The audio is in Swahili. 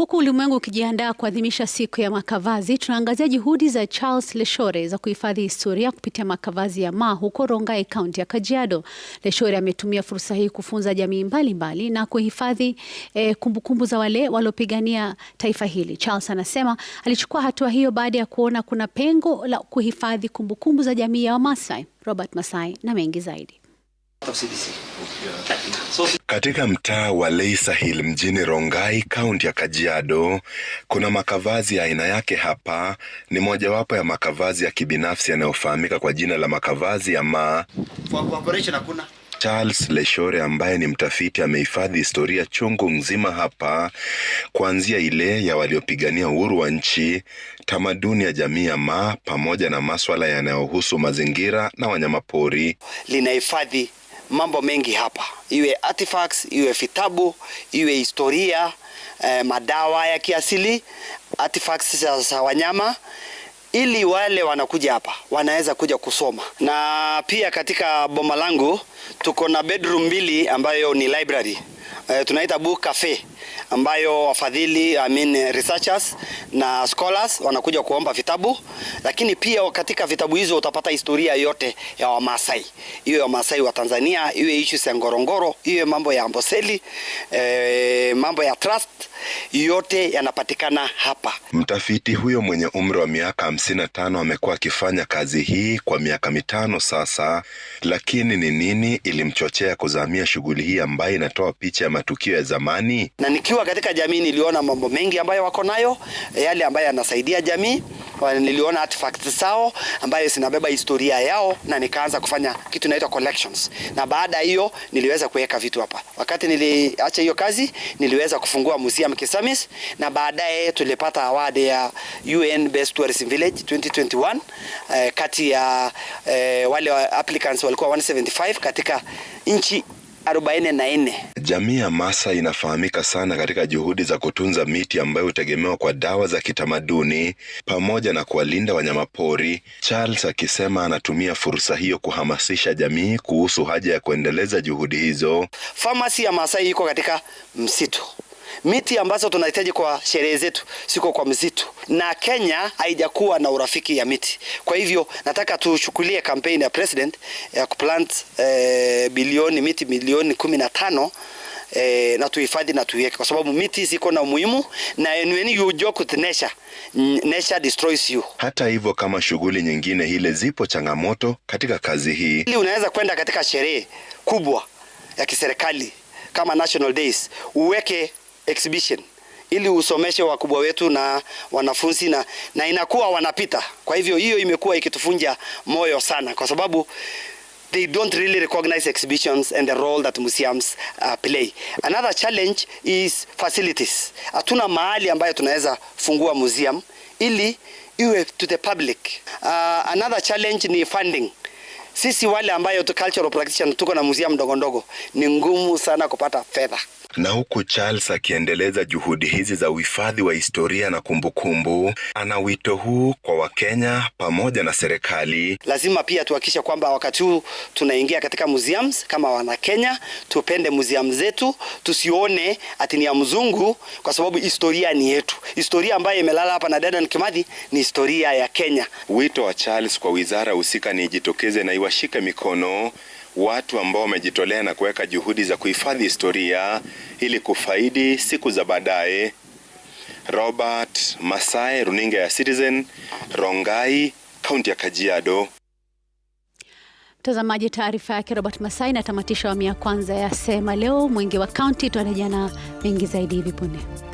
Huku ulimwengu ukijiandaa kuadhimisha siku ya makavazi, tunaangazia juhudi za Charles Leshore za kuhifadhi historia kupitia makavazi ya Maa huko Rongai, kaunti ya Kajiado. Leshore ametumia fursa hii kufunza jamii mbalimbali mbali na kuhifadhi eh, kumbukumbu za wale waliopigania taifa hili. Charles anasema alichukua hatua hiyo baada ya kuona kuna pengo la kuhifadhi kumbukumbu za jamii ya Wamasai. Robert Masai na mengi zaidi. Katika mtaa wa Leisahil mjini Rongai, kaunti ya Kajiado, kuna makavazi ya aina yake. Hapa ni mojawapo ya makavazi ya kibinafsi yanayofahamika kwa jina la makavazi ya ma Charles Leshore ambaye ni mtafiti amehifadhi historia chungu nzima hapa, kuanzia ile ya waliopigania uhuru wa nchi, tamaduni ya jamii ya Maa pamoja na maswala yanayohusu mazingira na wanyamapori. Linahifadhi mambo mengi hapa, iwe artifacts, iwe vitabu, iwe historia eh, madawa ya kiasili, artifacts za wanyama ili wale wanakuja hapa wanaweza kuja kusoma. Na pia katika boma langu tuko na bedroom mbili ambayo ni library, e, tunaita book cafe ambayo wafadhili I mean, researchers na scholars wanakuja kuomba vitabu, lakini pia katika vitabu hizo utapata historia yote ya Wamasai, hiyo ya Wamasai wa Tanzania, iwe issues ya Ngorongoro, iwe mambo ya Amboseli, e, mambo ya trust, yote yanapatikana hapa. Mtafiti huyo mwenye umri wa miaka hamsini na tano amekuwa akifanya kazi hii kwa miaka mitano sasa, lakini ni nini ilimchochea kuzamia shughuli hii ambayo inatoa picha ya matukio ya zamani na Nikiwa katika jamii niliona mambo mengi ambayo wako nayo, yale ambayo yanasaidia jamii. Niliona artifacts zao ambayo zinabeba historia yao, na nikaanza kufanya kitu inaitwa collections, na baada hiyo niliweza kuweka vitu hapa. Wakati niliacha hiyo kazi, niliweza kufungua museum Kisamis, na baadaye tulipata award ya UN Best Tourism Village 2021 eh, kati ya eh, wale applicants walikuwa 175 katika nchi 44. Jamii ya Maasai inafahamika sana katika juhudi za kutunza miti ambayo hutegemewa kwa dawa za kitamaduni pamoja na kuwalinda wanyamapori, Charles akisema anatumia fursa hiyo kuhamasisha jamii kuhusu haja ya kuendeleza juhudi hizo. Famasi ya Maasai iko katika msitu miti ambazo tunahitaji kwa sherehe zetu siko kwa msitu, na Kenya haijakuwa na urafiki ya miti. Kwa hivyo nataka tuchukulie kampeni ya president ya kuplant eh, bilioni miti milioni kumi na tano e, na tuhifadhi na tuiweke, kwa sababu miti ziko na umuhimu na when you joke with nature, nature destroys you. Hata hivyo kama shughuli nyingine ile, zipo changamoto katika kazi hii. Unaweza kwenda katika sherehe kubwa ya kiserikali kama national days, uweke exhibition ili usomeshe wakubwa wetu na wanafunzi na, na inakuwa wanapita. Kwa hivyo hiyo imekuwa ikitufunja moyo sana kwa sababu they don't really recognize exhibitions and the role that museums uh, play. Another challenge is facilities. Hatuna mahali ambayo tunaweza fungua museum ili iwe to the public. Uh, another challenge ni funding sisi wale ambayo tu cultural practitioner tuko na museum ndogo ndogo, ni ngumu sana kupata fedha. Na huku Charles akiendeleza juhudi hizi za uhifadhi wa historia na kumbukumbu, ana wito huu kwa Wakenya pamoja na serikali. Lazima pia tuhakikishe kwamba wakati huu tunaingia katika museums kama Wanakenya, tupende museum zetu, tusione ati ni ya mzungu, kwa sababu historia ni yetu. Historia ambayo imelala hapa na Dedan Kimathi ni historia ya Kenya. Wito wa Charles kwa wizara husika ni jitokeze na washike mikono watu ambao wamejitolea na kuweka juhudi za kuhifadhi historia ili kufaidi siku za baadaye. Robert Masai, runinga ya Citizen, Rongai, kaunti ya Kajiado. Mtazamaji, taarifa yake Robert Masai inatamatisha awamu ya kwanza ya Sema Leo. Mwingi wa kaunti, tutarejea na mengi zaidi hivi punde.